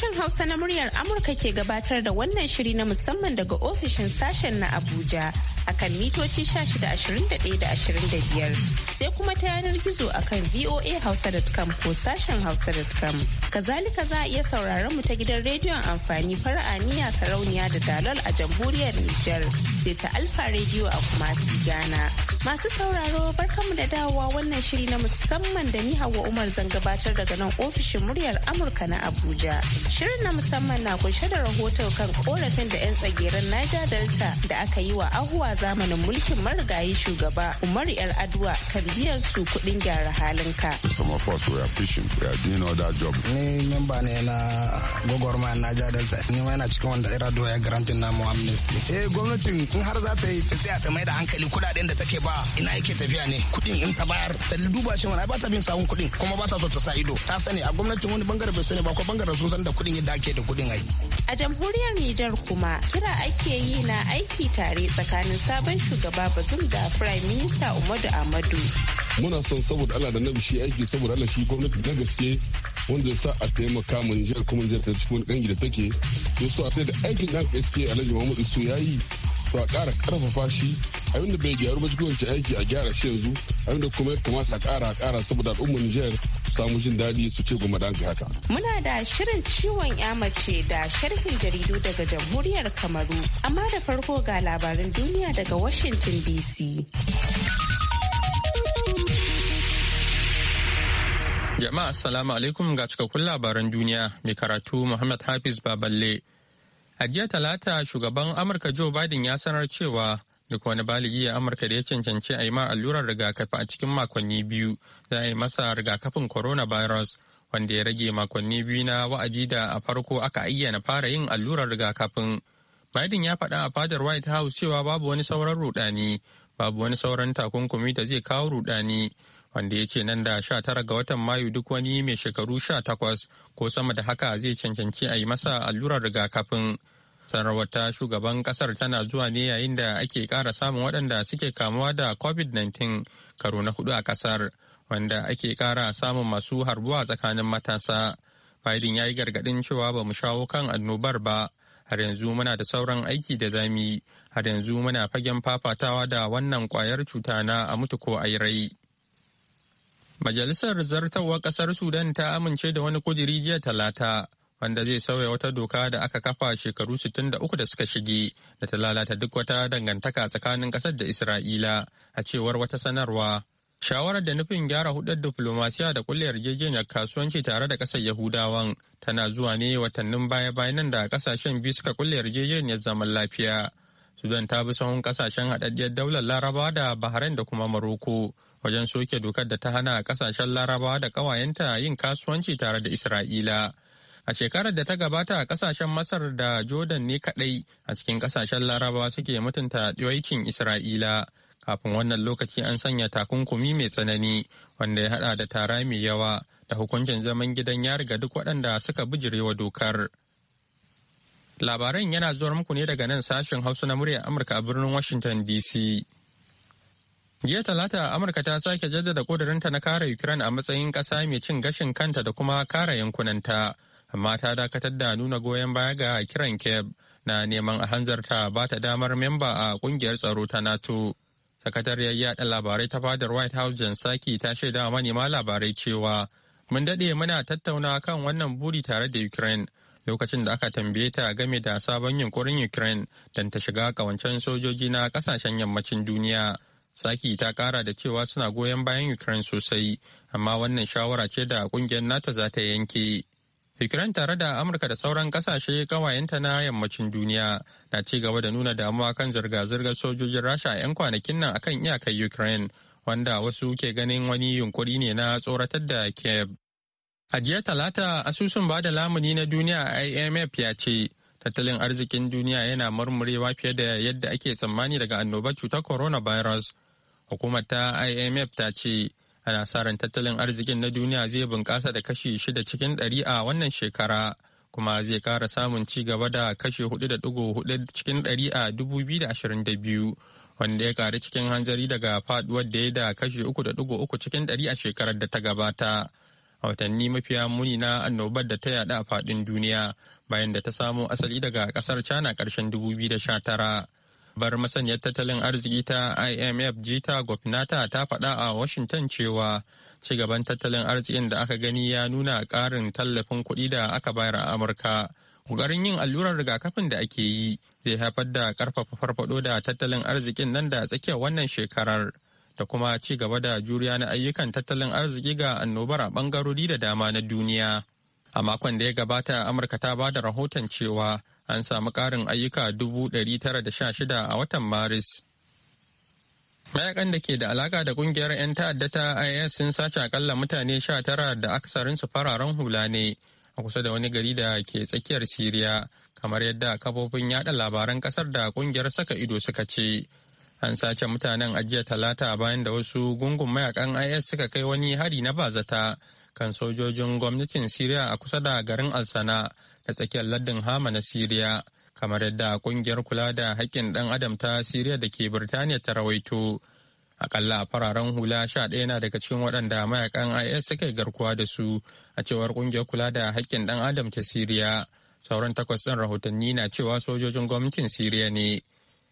Sashen Hausa na muryar Amurka ke gabatar da wannan shiri na musamman daga ofishin sashen na Abuja. akan mitoci 1621 da 25 sai kuma ta yanar gizo akan voahausa.com ko sashen hausa.com. Kazalika za a iya sauraron mu ta gidan rediyon amfani fara'aniya sarauniya da dalol a jamhuriyar Nijar sai ta alfa rediyo a kumasi Ghana. Masu sauraro barkamu da dawowa wannan shiri na musamman da ni Hauwa Umar zan gabatar daga nan ofishin muryar Amurka na Abuja. Shirin na musamman na kunshe da rahoton kan korafin da 'yan tsageren Niger Delta da aka yi wa ahuwa za zamanin mulkin marigayi shugaba Umar yar Adwa kan biyan su kuɗin gyara ka. Some of us were fishing, we are doing other job. Ni memba ne na gwagwarmaya Naja Delta, ni ma yana cikin wanda yar Adua ya garantin mu amnesty. Eh gwamnatin in har za ta yi ta tsaya ta mai da hankali kuɗaɗen da take ba ina yake tafiya ne kuɗin in ta bayar ta duba shi wani ba ta bin sawun kuɗin kuma ba ta so ta sa ido ta sani a gwamnatin wani bangare bai sani ba ko bangaren sun san da kuɗin yadda ake da kuɗin ai. A jamhuriyar Nijar kuma kira ake yi na aiki tare tsakanin sabon shugaba bazum da prime minister umaru amadu. muna son saboda ala da nabi shi aiki saboda ala shi gwamnati na gaske wanda sa a taimaka mun jihar kuma jihar ta cikin kangi da take don a sai da aikin da aka iske alhaji muhammadu su yi. su a ƙara ƙarfafa shi abinda bai gyaru ba cikin aiki a gyara shi yanzu abinda kuma ya kamata a kara a ƙara saboda al'ummar Nijar samu jin daɗi su ce goma dan haka. Muna da shirin ciwon ya mace da sharhin jaridu daga jamhuriyar Kamaru amma da farko ga labaran duniya daga Washington DC. Jama'a assalamu alaikum ga cikakkun labaran duniya mai karatu Muhammad Hafiz Baballe. A jiya Talata shugaban Amurka Joe Biden ya sanar cewa duk wani baligi a Amurka da ya cancanci a yi ma allurar rigakafi a cikin makonni biyu za a yi masa rigakafin coronavirus wanda ya rage makonni biyu na wa'adi da a farko aka ayyana fara yin allurar rigakafin. Biden ya faɗa a fadar White House cewa babu wani sauran rudani, babu wani sauran takunkumi da zai kawo rudani. wanda ya ce nan da sha tara ga watan mayu duk wani mai shekaru sha takwas ko sama da haka zai cancanci a yi masa allurar rigakafin sanarwar ta shugaban kasar tana zuwa ne yayin da ake kara samun waɗanda suke kamuwa da covid-19 karo na hudu a kasar wanda ake kara samun masu harbuwa tsakanin matasa biden ya yi gargaɗin cewa ba mu shawo kan annobar ba har yanzu muna da sauran aiki da zami har yanzu muna fagen fafatawa da wannan kwayar cuta na a mutu ko a rai majalisar zartarwa kasar sudan ta amince da wani kudiri jiya talata wanda zai sauya wata doka da aka kafa shekaru 63 da suka shige da ta lalata duk wata dangantaka tsakanin kasar da Isra'ila a cewar wata sanarwa. Shawarar da nufin gyara hudar diflomasiya da kulle yarjejeniyar kasuwanci tare da ƙasar Yahudawan tana zuwa ne watannin baya-bayan nan da kasashen biyu suka kulle yarjejeniyar zaman lafiya. Sudan ta bi sahun kasashen haɗaɗɗiyar daular Larabawa da Bahrain da kuma Maroko wajen soke dokar da ta hana kasashen Larabawa da ƙawayenta yin kasuwanci tare da Isra'ila. A shekarar da ta gabata a kasashen Masar da Jordan ne kaɗai a cikin kasashen Larabawa suke mutunta ɗiwaikin Isra'ila. Kafin wannan lokaci an sanya takunkumi mai tsanani wanda ya haɗa da tara mai yawa da hukuncin zaman gidan yari ga duk waɗanda suka bijirewa dokar. Labaran yana zuwa muku ne daga nan sashen Hausa na muryar Amurka a birnin Washington DC. Jiya Talata Amurka ta sake jaddada ƙudurinta na kare Ukraine a matsayin ƙasa mai cin gashin kanta da kuma kare yankunanta. amma ta dakatar da nuna goyon baya ga kiran kyiv na neman a hanzarta ba ta damar memba a kungiyar tsaro ta nato sakatariyar yaɗa labarai ta fadar white house jan saki ta shaida manema labarai cewa mun daɗe muna tattauna kan wannan buri tare da ukraine lokacin da aka tambaye ta game da sabon yunkurin ukraine don ta shiga kawancen sojoji na kasashen yammacin duniya saki ta kara da cewa suna goyon bayan ukraine sosai amma wannan shawara ce da kungiyar nato za ta yanke Ukraine tare da Amurka da sauran kasashe kawayenta na yammacin duniya na ci gaba da nuna damuwa kan zirga-zirgar sojojin Rasha a 'yan kwanakin nan akan iyakar Ukraine, wanda wasu ke ganin wani yunkuri ne na tsoratar da Kiev. A jiya Talata, asusun ba da lamuni na duniya IMF ya ce, tattalin arzikin duniya yana murmurewa fiye da yadda ake tsammani daga annobar cutar coronavirus. Hukumar ta IMF ta ce, ana sa tattalin arzikin na duniya zai bunkasa da kashi shida cikin ɗari a wannan shekara kuma zai ƙara samun ci gaba da kashi hudu da ɗigo hudu cikin ɗari a dubu biyu da ashirin da biyu wanda ya ƙaru cikin hanzari daga faɗuwar da ya da kashi uku da ɗigo uku cikin ɗari a shekarar da ta gabata a watanni mafiya muni na annobar da ta yada a faɗin duniya bayan da ta samo asali daga kasar china karshen dubu biyu da sha tara babbar masaniyar tattalin arziki ta imf jita gopinata ta faɗa a washington cewa cigaban tattalin arzikin da aka gani ya nuna ƙarin tallafin kuɗi da aka bayar a amurka ƙoƙarin yin allurar rigakafin da ake yi zai haifar da ƙarfafa farfaɗo da tattalin arzikin nan da tsakiyar wannan shekarar da kuma ci gaba da juriya na ayyukan tattalin arziki ga annobar a ɓangarori da dama na duniya a makon da ya gabata amurka ta ba da rahoton cewa an samu ƙarin ayyuka 916 a watan maris mayakan da ke da alaka da kungiyar 'yan ta'adda ta is sun sace akalla mutane 19 da aksarin su fararen hula ne a kusa da wani gari da ke tsakiyar siriya kamar yadda kafofin yada labaran kasar da kungiyar saka ido suka ce an sace mutanen ajiya talata bayan da wasu gungun mayakan is suka kai wani hari na bazata kan sojojin gwamnatin siriya a kusa da garin alsana da tsakiyar lardin hama na siriya kamar yadda kungiyar kula da haƙƙin ɗan adam ta siriya da ke birtaniya ta rawaito akalla fararen hula sha ɗaya na daga cikin waɗanda mayakan is suka yi garkuwa da su a cewar kungiyar kula da haƙƙin ɗan adam ta siriya sauran takwas ɗin rahotanni na cewa sojojin gwamnatin siriya ne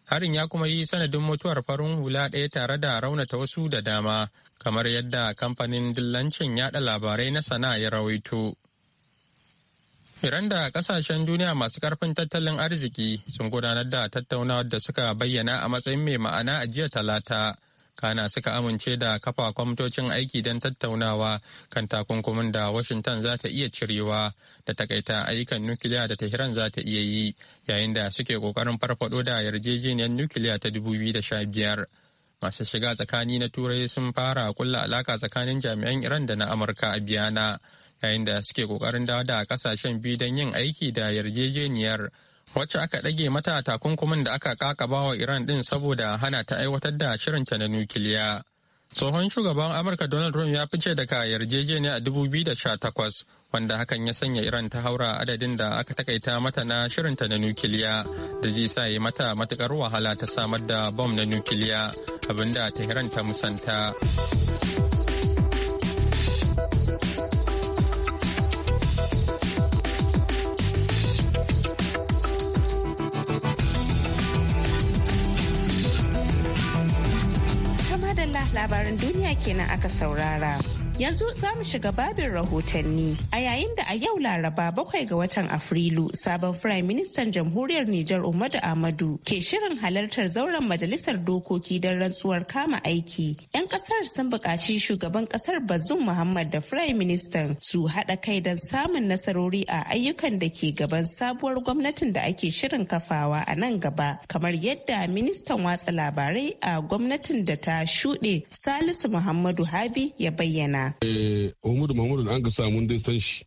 harin ya kuma yi sanadin mutuwar farin hula ɗaya tare da raunata wasu da dama kamar yadda kamfanin dillancin yaɗa labarai na sana'a ya rawaito Iran da kasashen duniya masu karfin tattalin arziki sun gudanar da tattaunawar da suka bayyana a matsayin mai ma'ana a jiya talata. Kana suka amince da kafa kwamitocin aiki don tattaunawa kan takunkumin da Washington za ta iya cirewa da takaita ayyukan nukiliya da Tehran za ta iya yi yayin da suke kokarin farfado da yarjejeniyar nukiliya ta 2015. Masu shiga tsakani na Turai sun fara kulla alaka tsakanin jami'an Iran da na Amurka a Biyana. yayin da suke kokarin dawo da kasashen biyu don yin aiki da yarjejeniyar wacce aka ɗage mata takunkumin da aka kakaba wa iran din saboda hana ta aiwatar da shirin ta na nukiliya tsohon shugaban amurka donald trump ya fice daga yarjejeniya a 2018 wanda hakan ya sanya iran ta haura adadin da aka takaita mata na shirin ta na nukiliya da zai sa yi mata matukar wahala ta samar da bom na nukiliya abinda ta musanta labaran duniya kenan aka saurara. Yanzu za mu shiga babin rahotanni. A yayin da a yau Laraba bakwai ga watan Afrilu sabon Firayim Ministan Jamhuriyar Nijar Umaru Amadu, ke shirin halartar zauren Majalisar Dokoki don rantsuwar kama aiki. 'Yan kasar sun buƙaci shugaban kasar Bazun Muhammad da Firayim Ministan su haɗa kai don samun nasarori a ayyukan da ke gaban sabuwar gwamnatin da ake shirin kafawa a nan gaba kamar yadda ministan watsa labarai a gwamnatin da ta shuɗe Salisu Muhammadu Habi ya bayyana. Najeriya. Eh, Mahmudu an ga samun dai san shi.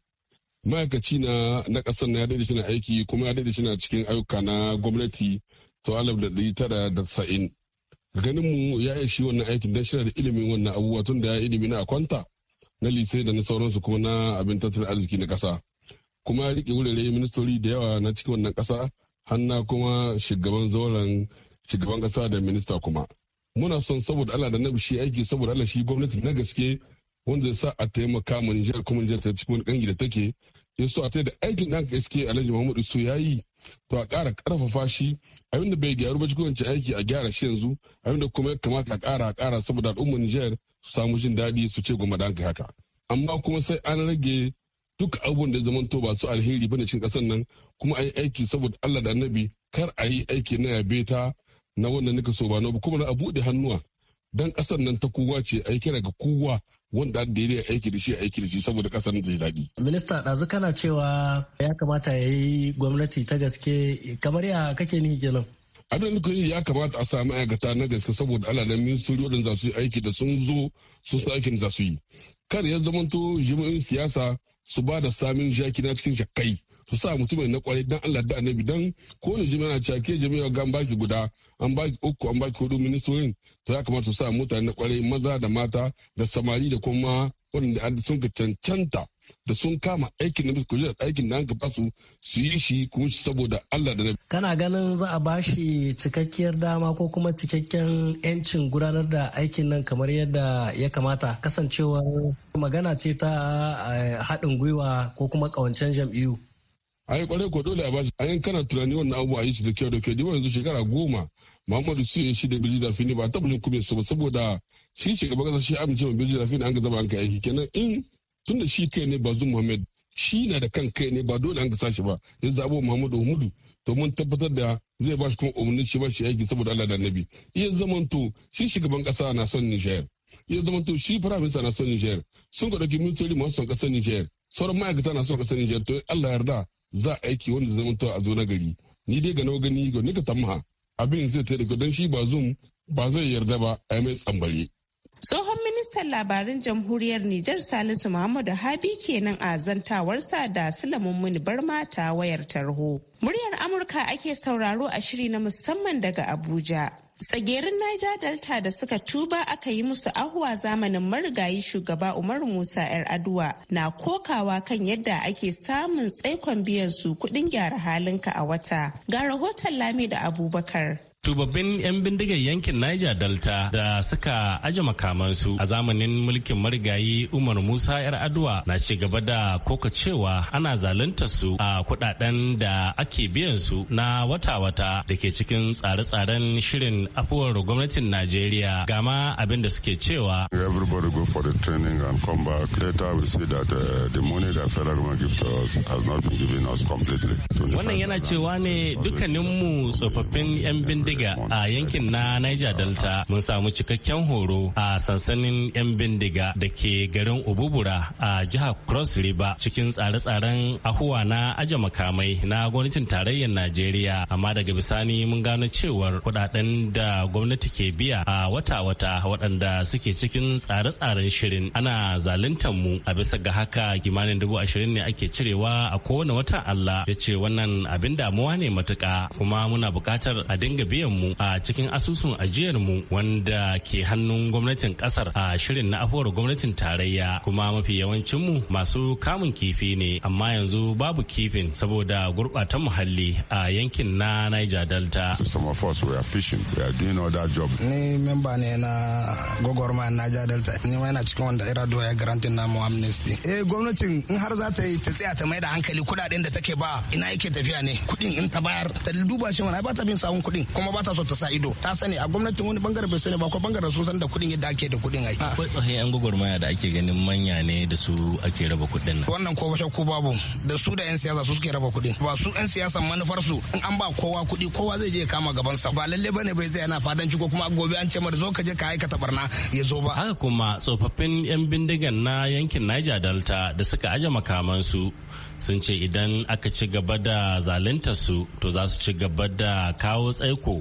Ma'aikaci na na ƙasar na ya daidai shi na aiki kuma ya daidai shi na cikin ayyuka na gwamnati to alaf da ɗari tara da sa'in. Ganin mu ya iya shi wannan aikin don shi da ilimin wannan abubuwa tun da ya ilimi na akwanta na lise da na sauransu kuma na abin tattalin arziki na ƙasa. Kuma ya riƙe wurare ministori da yawa na cikin wannan ƙasa hanna kuma shugaban zauren shugaban ƙasa da minista kuma. muna son saboda Allah da nabi shi aiki saboda Allah shi gwamnati na gaske wanda ya sa a taimaka ma Nijar kuma Nijar ta cikin wani kangi da take ya so a ta da aikin da aka iske Alhaji Muhammadu su ya yi to a ƙara ƙarfafa shi abin da bai gyaru ba cikin wancan aiki a gyara shi yanzu abin da kuma ya kamata a ƙara a ƙara saboda al'ummar Nijar su samu jin daɗi su ce goma da haka amma kuma sai an rage duk abubuwan da zaman to ba su alheri ne cikin ƙasar nan kuma a yi aiki saboda Allah da Annabi kar a yi aiki na yabe ta na wannan nika so ba na kuma na a buɗe hannuwa dan ƙasar nan ta kowa ce a yi kira ga kowa wanda da ya aiki da shi aiki da shi saboda kasar da daɗi. Minista ɗazu kana cewa ya kamata ya yi gwamnati ta gaske kamar ya kake ni kenan. Abin da ya kamata a samu ma'aikata na gaske saboda ala na ministori waɗanda za su yi aiki da sun zo su su aikin za su yi. Kar ya zamanto jami'in siyasa su ba da samun jaki na cikin jakkai su sa mutumin na kwarai dan Allah da annabi dan ko ne jami'a cewa ke jami'a ga an baki guda an baki uku an baki hudu ministorin to ya kamata su sa mutane na kwarai maza da mata da samari da kuma wanda sun ka cancanta da sun kama aikin na bisu aikin da an ka basu su yi shi kuma shi saboda Allah da nabi. Kana ganin za a bashi cikakkiyar dama ko kuma cikakken yancin gudanar da aikin nan kamar yadda ya kamata kasancewar magana ce ta eh, haɗin gwiwa ko kuma ƙawancen jam'iyyu. ai kwarai ko dole a bashi ayin kana tunani wannan abu a yi shi da kyau da kyau diwa yanzu shekara goma muhammadu su yi shi da birji dafi ne ba tabbalin kuma su ba saboda shi shugaban kasa shi amince ma birji dafi ne an ga zama an ka aiki kenan in tun da shi kai ne bazum muhammad shi na da kan kai ne ba dole an ka shi ba ya zabo muhammadu umudu to mun tabbatar da zai ba shi kuma umarni shi ba shi aiki saboda allah da annabi iya zamanto shi shugaban kasa na son nishayar iya zamanto shi firaminista na son nishayar sun ka ɗauki ministori masu son ƙasar nishayar sauran ma'aikata na son ƙasar nishayar to allah yarda za aiki wanda zama a zo na gari ni dai ga gani ga nika tamha abin zai ta don shi ba zum ba zai yarda ba a yi mai tsambali. Tsohon ministan labarin jamhuriyar Nijar Salisu Muhammadu Habi kenan a zantawarsa da sula Muni Barma ta wayar tarho. Muryar Amurka ake sauraro a shiri na musamman daga Abuja. Tsagerin Naija Delta da suka tuba aka yi musu ahuwa zamanin marigayi shugaba Umaru Musa 'yar aduwa na kokawa kan yadda ake samun tsaikon biyan su kuɗin gyara halinka a wata. Ga rahoton Lami da Abubakar. Tubabbin 'yan bindigar yankin Niger Delta da suka aje makamansu a zamanin mulkin marigayi Umar Musa 'yar Aduwa na ci gaba da koka cewa ana zalunta su a kudaden da ake biyan su na wata-wata da ke cikin tsare-tsaren shirin afuwar gwamnatin Najeriya gama abin da suke cewa. Everybody go for the training and come back. Later we see that uh, the money that federal government gives to us has not been given us completely. Wannan yana cewa ne dukkaninmu tsofaffin 'yan bindigar bindiga a yankin na Niger Delta mun samu cikakken horo a sansanin 'yan bindiga da ke garin Ububura a jihar Cross River cikin tsare-tsaren ahuwa na aje makamai na gwamnatin tarayyar Najeriya amma daga bisani mun gano cewar kudaden da gwamnati ke biya a wata-wata waɗanda suke cikin tsare-tsaren shirin ana zaluntar mu a bisa ga haka kimanin dubu ashirin ne ake cirewa a kowane wata Allah ya ce wannan abin damuwa ne matuka kuma muna buƙatar a dinga biya mu a cikin asusun ajiyar mu wanda ke hannun gwamnatin kasar a shirin na afuwar gwamnatin tarayya kuma mafi yawancin mu masu kamun kifi ne amma yanzu babu kifin saboda gurbatan muhalli a yankin na Niger Delta. Ni memba ne na Niger Delta, ni ma yana cikin wanda eh, in har za ta ta tsaya ta da hankali kudaden da take ba ina tafiya ne kudin in ta bayar ta duba shi wani ba ta bin sawun kudin kuma ba ta so ta sa ido ta sani a gwamnatin wani bangare bai sani ba ko bangare sun san da kudin yadda ake da kudin ai akwai tsohon yan gwagwarmaya da ake ganin manya ne da su ake raba kuɗin nan wannan ko bashe ko babu da su da yan siyasa su suke raba kuɗin ba su yan siyasa manufar su in an ba kowa kuɗi kowa zai je ya kama gaban sa ba lalle bane bai zai yana fadanci ko kuma gobe an ce mar zo ka je ka aikata tabarna ya zo ba haka kuma tsofaffin yan bindigan na yankin Niger Delta da suka aje su sun ce idan aka ci gaba da zalunta su to za su ci gaba da kawo tsaiko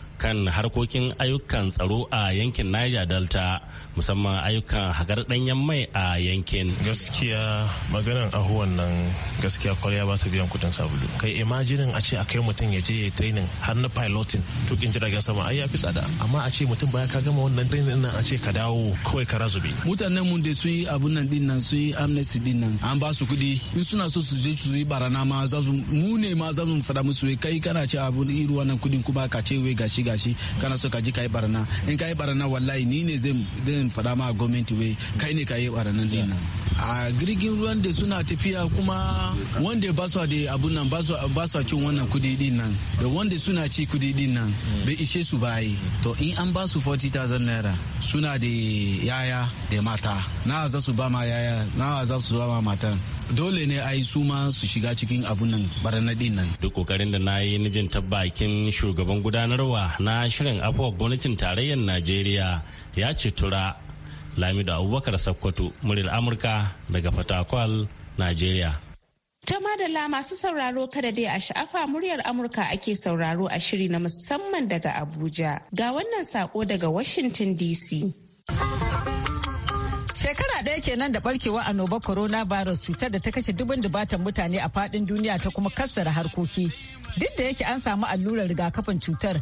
kan harkokin ayyukan tsaro a yankin Niger Delta musamman ayyukan hagar mai a yankin. Gaskiya maganar ahuwan nan gaskiya kwarya ba ta biyan kudin sabulu. Kai imajinin a ce a kai mutum ya je ya training har na piloting tukin jiragen sama ai ya fi tsada amma a ce mutum baya ka gama wannan training nan a ce ka dawo kawai ka razubi. Mutanen mun da su yi abun nan din nan su yi amnesty din nan an ba su kuɗi in suna so su je su yi barana ma za mu ne ma za mu musu kai kana ce abun iri wannan ku kuma ka ce wai gashi gashi kana so ka ji ka yi barna in ka yi barna wallahi ni ne zai fada ma gwamnati wai kai ne ka yi barnan din nan a girgin ruwan da suna tafiya kuma wanda ba su da abun nan ba su cin wannan kudi din nan da wanda suna ci kudi din nan bai ishe su ba to in an ba su 40,000 naira suna da yaya da mata na za su ba ma yaya na za su ba ma mata dole ne ai su ma su shiga cikin abun nan barna din nan duk kokarin da na yi nijin tabbakin shugaban gudanarwa na shirin afuwa gwamnatin tarayyar najeriya ya ci tura lamido abubakar sakkwato muryar amurka daga fatakwal najeriya ta madalla masu sauraro kada dai a sha'afa muryar amurka ake sauraro a shiri na musamman daga abuja ga wannan sako daga washington dc Shekara ɗaya kenan da barkewa annoba coronavirus cutar da ta kashe dubin dubatan mutane a faɗin duniya ta kuma kassara harkoki. Duk da yake an samu allurar rigakafin cutar,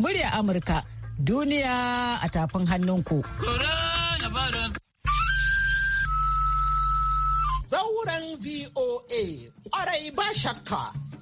murya Amurka duniya a tafin hannunku. Zauren VOA, ƙwarai ba shakka.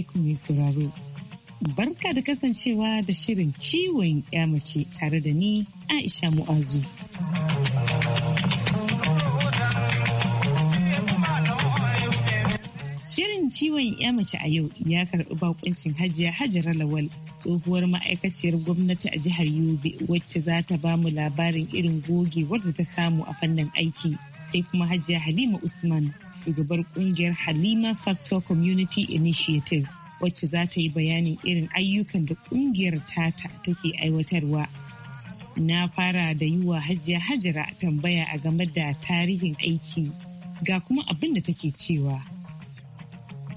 alaikum mai sauraro. Barka da kasancewa da shirin ciwon ya mace tare da ni Aisha Mu'azu. ciwon ya mace a yau ya karɓi bakuncin Hajiya Hajara Lawal tsohuwar ma'aikaciyar gwamnati a jihar Yobe wacce za ta ba mu labarin irin goge wadda ta samu a fannin aiki sai kuma Hajiya Halima Usman shugabar kungiyar Halima Factor Community Initiative wacce za ta yi bayanin irin ayyukan da kungiyar tata take aiwatarwa. Na fara da yi wa Hajiya Hajara tambaya a game da tarihin aiki ga kuma abin da take cewa.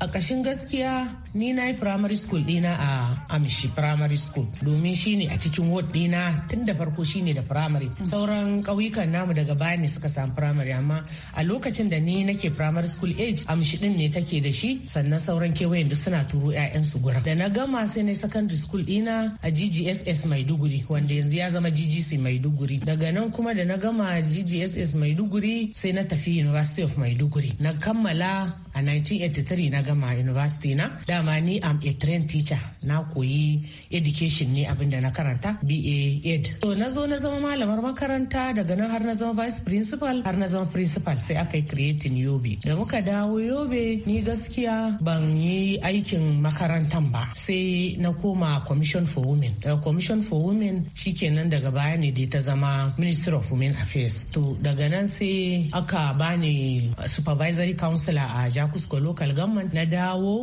a ƙashin gaskiya ni na yi primary school dina a amshi primary school domin shine a cikin ward dina tun da farko shine da primary sauran kauyukan namu daga baya ne suka samu primary amma a lokacin da ni nake primary school age amshi din ne take da shi sannan sauran kewayen da suna turo su gura da na gama sai na secondary school dina a ggss maiduguri wanda yanzu ya zama ggc maiduguri daga nan kuma da na gama ggss maiduguri sai na tafi university of maiduguri na kammala a 1983 na gama university na dama ni am a trained teacher na koyi education ne abin da na karanta BA ed to na zo na zama malamar makaranta daga nan har na zama vice principal har na zama principal sai aka yi creating yobe da muka dawo yobe ni gaskiya ban yi aikin makarantan ba sai na koma commission for women daga commission for women shikenan daga baya ne dai ta zama minister of women affairs to daga nan sai aka bani supervisory counselor a jakusko local government na dawo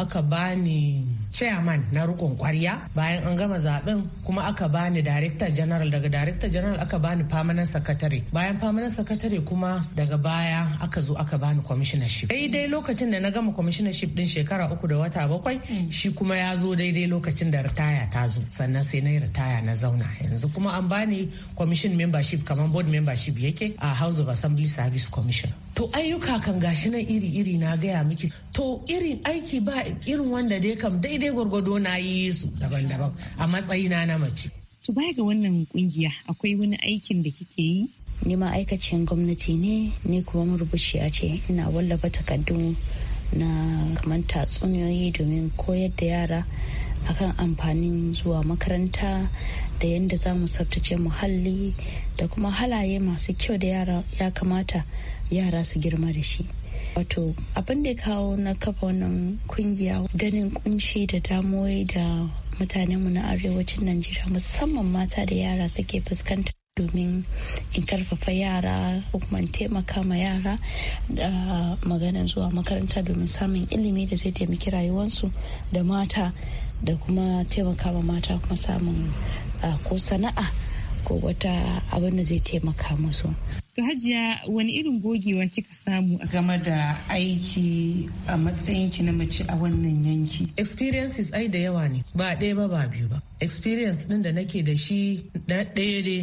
Akabani. chairman na rukun kwarya bayan an gama zaben kuma aka bani director general daga director general aka bani permanent secretary bayan permanent secretary kuma daga baya aka zo aka bani commissionership daidai lokacin da na gama commissionership din shekara uku da wata bakwai shi kuma ya zo daidai lokacin da ritaya ta zo sannan sai na ritaya na zauna yanzu kuma an bani commission membership kamar board membership yake a house of assembly service commission to ayyuka kan gashi nan iri-iri na gaya miki to irin aiki ba irin wanda dai kam dai dai gwargwado na yi su daban-daban a matsayina na mace. To baya ga wannan kungiya akwai wani aikin da kike yi? Ni aikacin gwamnati ne, ni kuma a ce, ina wallafa takardu na kamar tatsuniyoyi domin koyar da yara akan amfanin zuwa makaranta da yadda za mu tsabtace muhalli da kuma halaye masu kyau da yara ya kamata yara su girma da shi. wato abin da kawo na kafa wannan kungiya ganin kunshi da damuwai da mutanenmu na arewacin najeriya musamman mata da yara suke fuskanta domin in karfafa yara ko kuma taimaka ma yara da magana zuwa makaranta domin samun ilimi da zai taimaki rayuwarsu da mata da kuma taimaka ma mata kuma samun ah, ko sana'a ko wata abin da zai taimaka musu. To hajiya wani irin gogewa kika samu game da aiki a matsayin ki na mace a wannan yanki? Experiences ai da yawa ne ba ɗaya ba ba biyu ba. Experience ɗin da nake da shi na ɗaya ne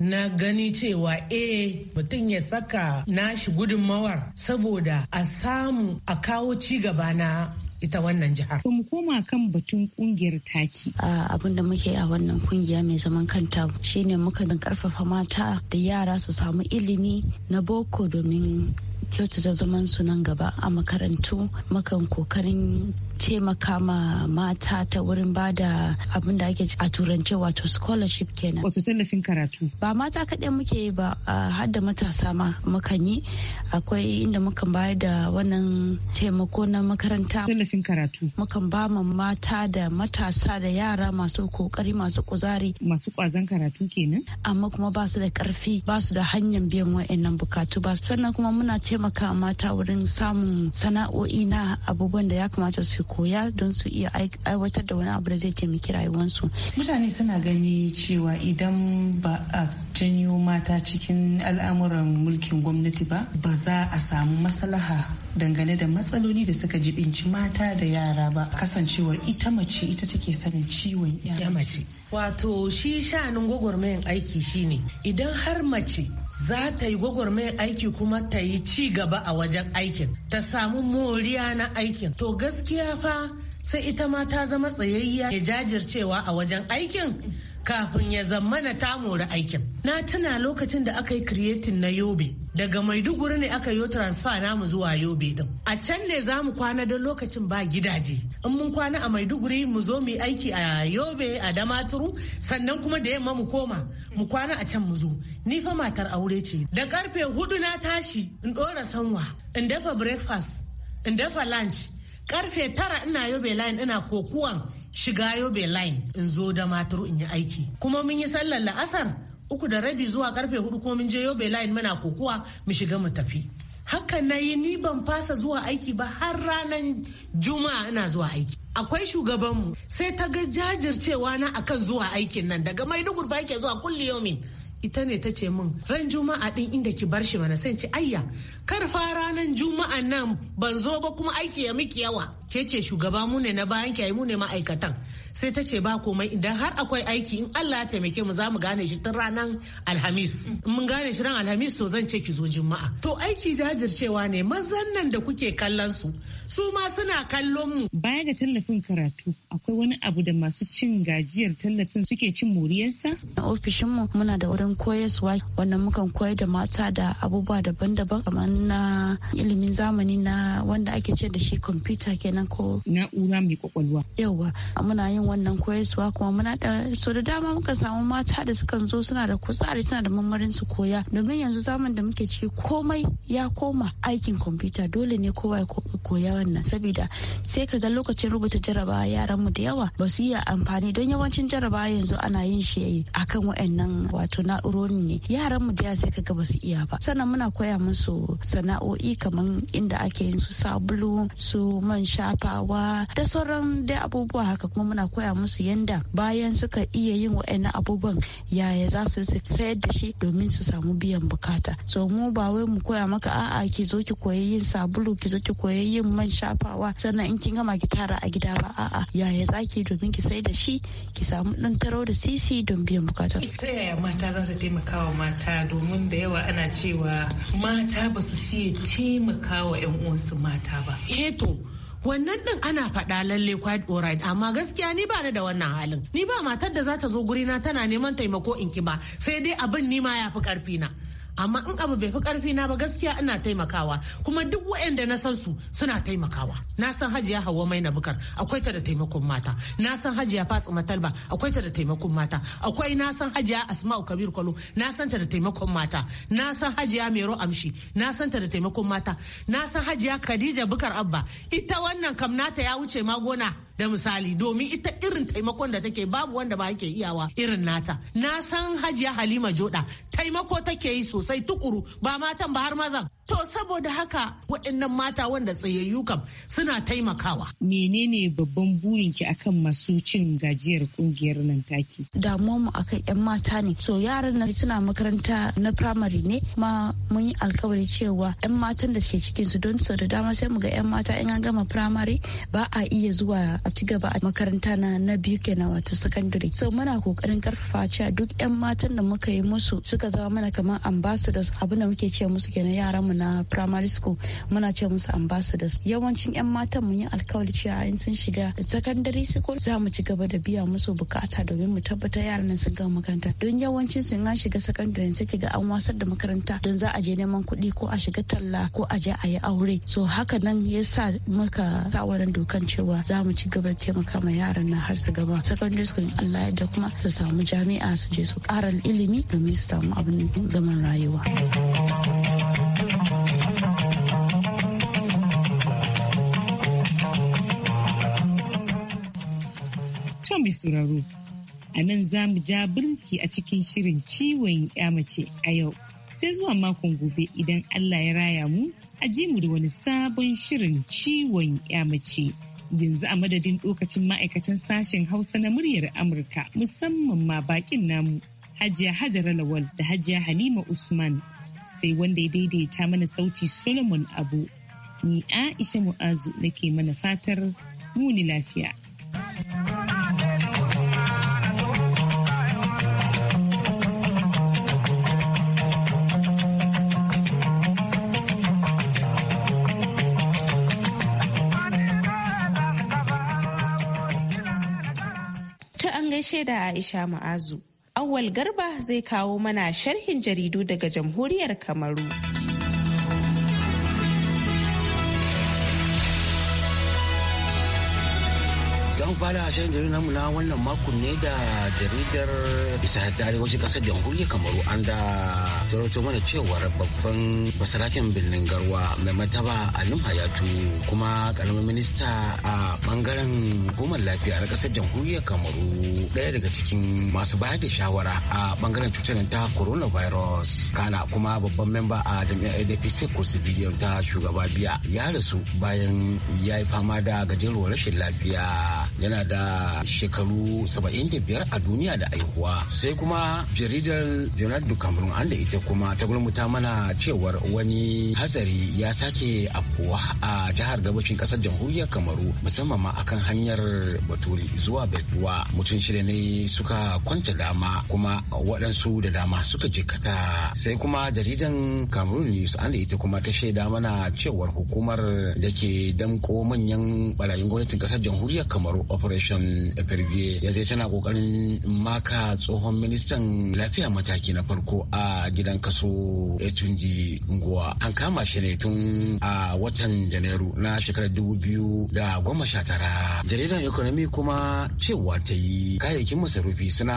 na gani cewa eh mutum ya saka nashi gudunmawar saboda a samu a kawo ci gaba na ita wannan jihar. Mu koma kan batun kungiyar taki. Abin da muke a wannan kungiya mai zaman kanta shine muka karfafa mata da yara su samu ilimi na boko domin kyautata zaman su nan gaba a makarantu makan kokarin taimaka ma mata ta wurin ba da abin da ake a turance wato scholarship kenan wato tallafin karatu ba mata kaɗai muke yi ba har da matasa ma mukan yi akwai inda mukan bayar da wannan taimako na makaranta tallafin karatu mukan ba ma mata da matasa da yara masu kokari masu kuzari masu kwazon karatu kenan amma kuma ba su da karfi ba su da hanyar biyan wa'annan bukatu ba sannan kuma muna taimaka mata wurin samun sana'o'i na abubuwan da ya kamata su koya don su iya aiwatar da wani abu da zai taimaki rayuwarsu. Mutane suna gani cewa idan ba a janyo mata cikin al'amuran mulkin gwamnati ba, ba za a samu maslaha dangane da matsaloli da suka jibinci mata da yara ba kasancewar ita mace ita take sanin ciwon ya mace. Wato shi sha'anin gwagwarmayan aiki shine idan har mace za ta yi gwagwarmayar aiki kuma ta yi ci gaba a wajen aikin ta samu moriya na aikin to gaskiya fa sai ita ma ta zama tsayayya ya jajircewa a wajen aikin kafin ya zammana ta mori aikin na tuna lokacin da aka yi creating na yobe daga maiduguri ne aka yi transfer mu zuwa yobe din a can ne za mu kwana don lokacin ba gidaje in mun kwana a maiduguri mu zo mu yi aiki a yobe a damaturu sannan kuma da yamma mu koma mu kwana a can mu zo ni fa matar aure ce da karfe hudu na tashi in dora sanwa in dafa breakfast in dafa lunch karfe tara ina yobe line ina kokuwan shiga yobe line in zo da maturu in yi aiki kuma mun yi sallar la'asar uku da rabi zuwa karfe hudu kuma mun je yobe line muna kokowa mu shiga mu tafi haka na yi ni ban fasa zuwa aiki ba har ranar juma'a ina zuwa aiki akwai shugabanmu sai ta ga jajircewa na akan zuwa aikin nan daga maiduguri ba yake zuwa kulli yomin ita ne ta ce min ran juma'a din inda ki bar shi mana sai ce ayya kar fa ranan juma'a nan ban zo ba kuma aiki ya miki yawa ke ce shugaba mu ne na bayan ki ai mu ne ma'aikatan sai ta ce ba komai idan har akwai aiki in Allah ya taimake mu za mu gane shi tun ranar Alhamis. mu mun gane shi ran Alhamis to zan ce ki zo Juma'a. To aiki jajircewa ne mazan nan da kuke kallon su su ma suna kallon mu. Baya ga tallafin karatu akwai wani abu da masu cin gajiyar tallafin suke cin moriyarsa? A ofishin mu muna da wurin koyaswa wannan mukan koyar da mata da abubuwa daban-daban kamar na ilimin zamani na wanda ake ce da shi kwamfuta kenan ko. Na'ura mai kwakwalwa. Yawwa muna yin irin wannan koyaswa kuma muna da so da dama muka samu mata da sukan zo suna da kuzari suna da mamarin su koya domin yanzu zaman da muke ciki komai ya koma aikin kwamfuta dole ne kowa ya koya wannan saboda sai ka ga lokacin rubuta jarabawa yaran mu da yawa ba su iya amfani don yawancin jarabawa yanzu ana yin shi akan wa'annan wato na'urori ne yaran mu da yawa sai ka ga ba su iya ba sannan muna koya musu sana'o'i kamar inda ake yin su sabulu su man shafawa da sauran dai abubuwa haka kuma muna koya musu yanda bayan suka iya yin wa'annan abubuwan yaya za su sayar da shi domin su samu biyan bukata so mu ba wai mu koya maka a'a ki zo ki koyi yin sabulu ki zo ki koyi yin man shafawa sannan in kin gama ki tara a gida ba a'a yaya za ki domin ki sai da shi ki samu dan taro da sisi don biyan bukata ta yaya mata za su taimaka wa mata domin da yawa ana cewa mata ba su fiye taimaka wa 'yan uwansu mata ba eh wannan din ana faɗa lalle quiet oride amma gaskiya ni ba ni da wannan halin ni ba matar da za ta zo gurina tana neman taimako in ki ba sai dai abin ni ma ya fi karfi na amma in abu bai fi karfi na ba gaskiya ina taimakawa kuma duk waɗanda na san su suna taimakawa na san hajiya hawa mai na bukar akwai ta da taimakon mata na san hajiya fatsuma talba akwai ta da taimakon mata akwai na san hajiya asma'u kabir kwalo na san ta da taimakon mata na san hajiya mero amshi na san ta da taimakon mata na san hajiya khadija bukar abba ita wannan kam nata ya wuce ma gona da misali domin ita irin taimakon da take babu wanda ba ke iyawa irin nata na san hajiya halima joda taimako take yi sosai sosai tukuru ba matan ba har mazan To saboda haka waɗannan mata wanda tsayayyu kam suna taimakawa. Menene babban burinki akan masu cin gajiyar kungiyar nan taki? Damuwa mu akan 'yan mata ne. So yaran nan suna makaranta na primary ne ma mun yi alkawari cewa 'yan matan da suke cikin su don sau da dama sai mu ga 'yan mata in an gama primary ba a iya zuwa a ci gaba a makaranta na na biyu kenan wato secondary. So muna kokarin karfafa cewa duk 'yan matan da muka yi musu suka zama mana kamar ambassadors abin da muke ce musu kenan yaran mu na primary school muna ce musu ambassadors yawancin 'yan matan mun yi alkawari cewa in sun shiga secondary school za mu ci gaba da biya musu bukata domin mu tabbatar yaran nan sun gama makaranta don yawancin sun an shiga secondary sai ga an wasar da makaranta don za a je neman kuɗi ko a shiga talla ko a je a yi aure so haka nan ya sa muka sa wannan dokan cewa za mu ci gaba da taimaka ma yaran nan har su gaba secondary school Allah ya da kuma su samu jami'a su je su ƙara ilimi domin su samu abin zaman rayuwa. mai sauraro. A nan za mu ja birki a cikin shirin ciwon ya mace a yau. Sai zuwa makon gobe idan Allah ya raya mu, a ji mu da wani sabon shirin ciwon ya mace. Yanzu a madadin lokacin ma'aikatan sashen Hausa na muryar Amurka musamman ma bakin namu, Hajiya Hajara Lawal da Hajiya Halima Usman. Sai wanda ya daidaita mana sauti Solomon Abu. Ni Aisha Mu'azu nake mana fatar muni lafiya. gaishe da Aisha Ma'azu. Awal Garba zai kawo mana sharhin jaridu daga jamhuriyar Kamaru. mu fara shan jaridar namu na wannan makon ne da jaridar bisa ta arewacin kasar jamhuriyar kamaru an da tarauto mana cewar babban basarakin birnin garwa mai mataba alim hayatu kuma karamin minista a bangaren hukumar lafiya na kasar jamhuriyar kamaru daya daga cikin masu bayar da shawara a bangaren cutar ta coronavirus kana kuma babban memba a jami'ar adpc ko civilian ta shugaba biya ya rasu bayan ya yi fama da gajeruwar rashin lafiya yana yana da shekaru 75 a duniya da aihuwa sai kuma jaridar Leonardo Cameron an da ita kuma ta gulmuta mana cewar wani hatsari ya sake afkuwa a jihar gabashin kasar jamhuriyar Kamaru musamman ma akan hanyar Baturi zuwa baituwa mutum shida ne suka kwanta dama kuma waɗansu da dama suka jikata sai kuma jaridan Cameroon News an da ita kuma ta shaida mana cewar hukumar da ke damko manyan barayin gwamnatin kasar jamhuriyar Kamaru operation epervier ya sai tana kokarin maka tsohon ministan lafiya mataki na farko a gidan kaso tunji unguwa an kama shi ne tun a watan janairu na shekarar dubu biyu da goma sha tara jaridar economy kuma cewa ta yi kayayyakin masarufi suna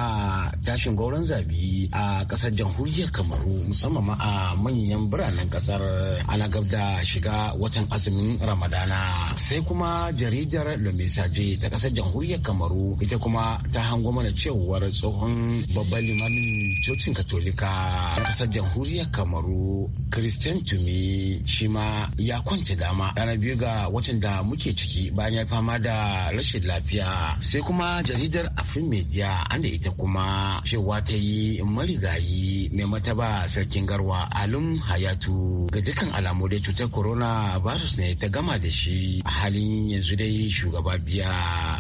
tashin gauran zabi a kasar jamhuriyar kamaru musamman ma a manyan biranen kasar ana gab da shiga watan azumin ramadana sai kuma jaridar lomisaje ta kasar kasar jamhuriyar kamaru ita kuma ta hango mana cewar tsohon babban limamin cocin katolika na kasar jamhuriyar kamaru christian tumi shi ma ya kwanta dama ranar biyu ga watan da muke ciki bayan ya fama da rashin lafiya sai kuma jaridar afin media anda ita kuma cewa ta yi marigayi mai mataba sarkin garwa alum hayatu ga dukkan alamu da cutar corona virus ne ta gama da shi a halin yanzu dai shugaba biya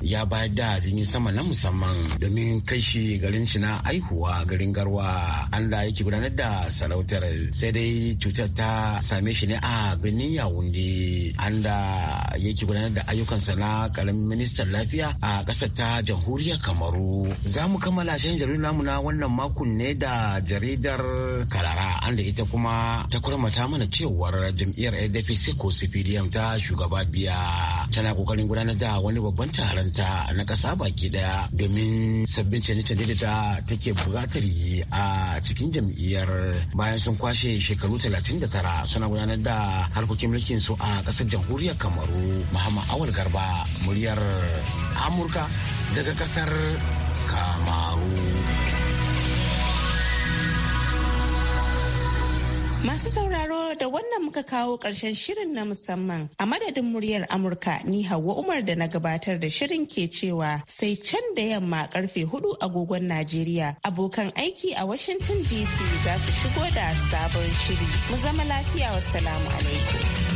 ya bayar da jini sama na musamman domin kai shi garin shi na aihuwa garin Garwa An da yake gudanar da sarautar sai dai cutar ta same shi ne a birnin an da yake gudanar da ayyukansa na karamin ministan lafiya a ƙasar ta jamhuriyar Kamaru za mu kammala shan jaridar namu na wannan makon ne da jaridar Kalara da ita kuma ta kurmata mana cewar jam'iyyar ADP ko CPDM ta shugaba biya tana kokarin gudanar da wani babban taron ta na kasa baki daya domin sabbin canje-canje da ta take buƙatar yi a cikin jam'iyyar bayan sun kwashe shekaru 39 suna gudanar da harkokin mulkin su a ƙasar jamhuriyar kamaru muhammad awal garba muryar amurka daga kasar kamaru. Masu sauraro da wannan muka kawo ƙarshen shirin na musamman a madadin muryar Amurka ni Hauwa Umar da na gabatar da shirin ke cewa sai can da yamma karfe hudu agogon Najeriya abokan aiki a Washington DC za su shigo da sabon shiri. Mu zama lafiya wassalamu alaikum.